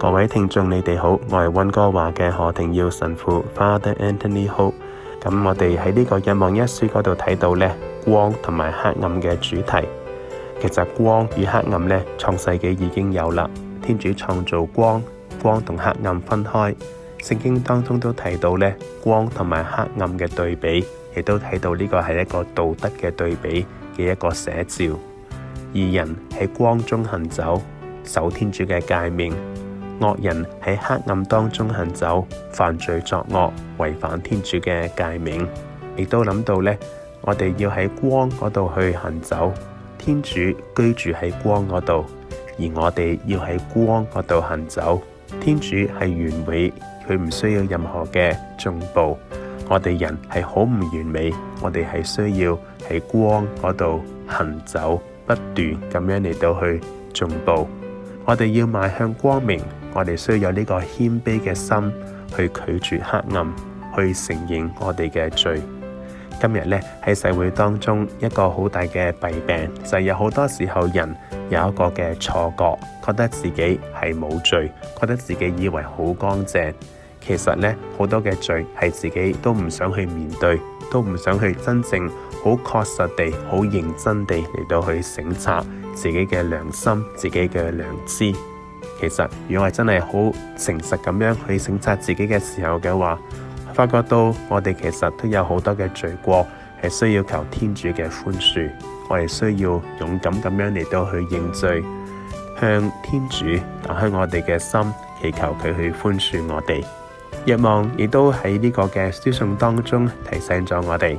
各位聽眾，你哋好，我係溫哥華嘅何庭耀神父 Father Anthony Ho。咁我哋喺呢個若望一書嗰度睇到呢光同埋黑暗嘅主題。其實光與黑暗呢創世紀已經有啦。天主創造光，光同黑暗分開。聖經當中都提到呢光同埋黑暗嘅對比，亦都睇到呢個係一個道德嘅對比嘅一個寫照。二人喺光中行走，守天主嘅誡命。惡人喺黑暗當中行走，犯罪作惡，違反天主嘅誡命。亦都諗到咧，我哋要喺光嗰度去行走。天主居住喺光嗰度，而我哋要喺光嗰度行走。天主係完美，佢唔需要任何嘅進步。我哋人係好唔完美，我哋係需要喺光嗰度行走，不斷咁樣嚟到去進步。我哋要邁向光明。我哋需要有呢個謙卑嘅心，去拒絕黑暗，去承認我哋嘅罪。今日呢，喺社會當中，一個好大嘅弊病就係有好多時候人有一個嘅錯覺，覺得自己係冇罪，覺得自己以為好乾淨。其實呢，好多嘅罪係自己都唔想去面對，都唔想去真正好確實地、好認真地嚟到去省察自己嘅良心、自己嘅良知。其實如果我真係好誠實咁樣去省察自己嘅時候嘅話，發覺到我哋其實都有好多嘅罪過，係需要求天主嘅寬恕。我哋需要勇敢咁樣嚟到去認罪，向天主打開我哋嘅心，祈求佢去寬恕我哋。若望亦都喺呢個嘅書信當中提醒咗我哋，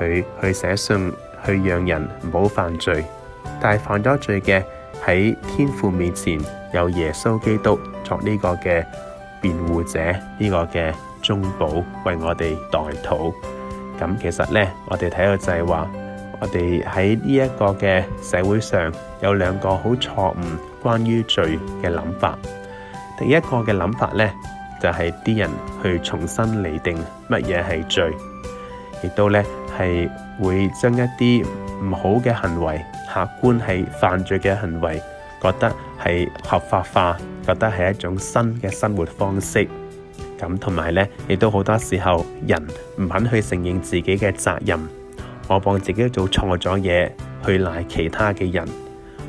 佢去寫信去讓人唔好犯罪，但係犯咗罪嘅。喺天父面前有耶穌基督作呢個嘅辯護者，呢個嘅中保為我哋代禱。咁其實呢，我哋睇到就係話，我哋喺呢一個嘅社會上，有兩個好錯誤關於罪嘅諗法。第一個嘅諗法呢，就係啲人去重新釐定乜嘢係罪，亦都呢係會將一啲唔好嘅行為。客觀係犯罪嘅行為，覺得係合法化，覺得係一種新嘅生活方式。咁同埋呢，亦都好多時候人唔肯去承認自己嘅責任，我幫自己做錯咗嘢，去賴其他嘅人，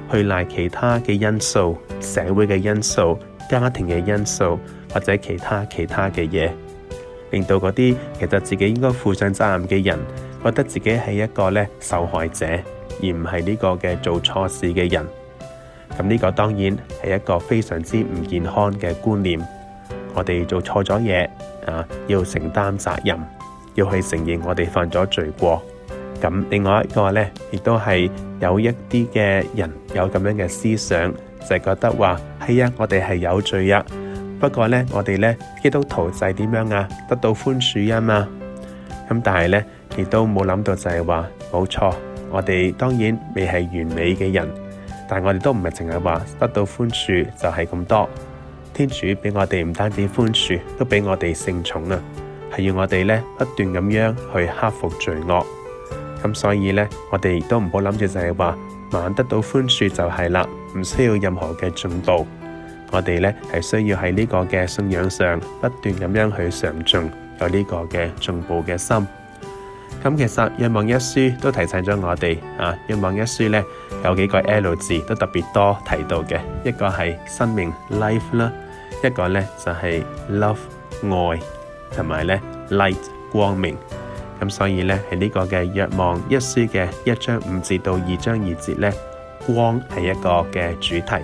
去賴其他嘅因素，社會嘅因素，家庭嘅因素或者其他其他嘅嘢，令到嗰啲其實自己應該負上責任嘅人，覺得自己係一個呢受害者。而唔係呢個嘅做錯事嘅人，咁呢個當然係一個非常之唔健康嘅觀念。我哋做錯咗嘢啊，要承擔責任，要去承認我哋犯咗罪過。咁另外一個呢，亦都係有一啲嘅人有咁樣嘅思想，就係覺得話係呀，我哋係有罪啊，不過呢，我哋呢，基督徒就係點樣啊，得到寬恕啊嘛。咁但係呢，亦都冇諗到就係話冇錯。我哋當然未係完美嘅人，但我哋都唔係淨係話得到寬恕就係咁多。天主俾我哋唔單止寬恕，都俾我哋聖寵啊，係要我哋呢，不斷咁樣去克服罪惡。咁所以呢，我哋都唔好諗住就係話，得得到寬恕就係啦，唔需要任何嘅進步。我哋呢係需要喺呢個嘅信仰上，不斷咁樣去上進，有呢個嘅進步嘅心。咁其實《約望一書》都提醒咗我哋啊，《約望一書》咧有幾個 L 字都特別多提到嘅，一個係生命 （life） 啦，一個咧就係 love 愛，同埋咧 light 光明。咁所以咧喺呢個嘅《約望一書》嘅一章五至到二章二節咧，光係一個嘅主題。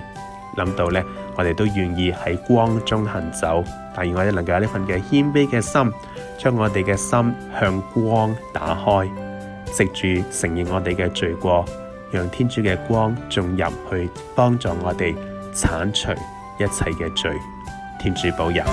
諗到咧，我哋都願意喺光中行走，但願我哋能夠有呢份嘅謙卑嘅心。將我哋嘅心向光打開，藉住承認我哋嘅罪過，讓天主嘅光進入去幫助我哋鏟除一切嘅罪。天主保佑。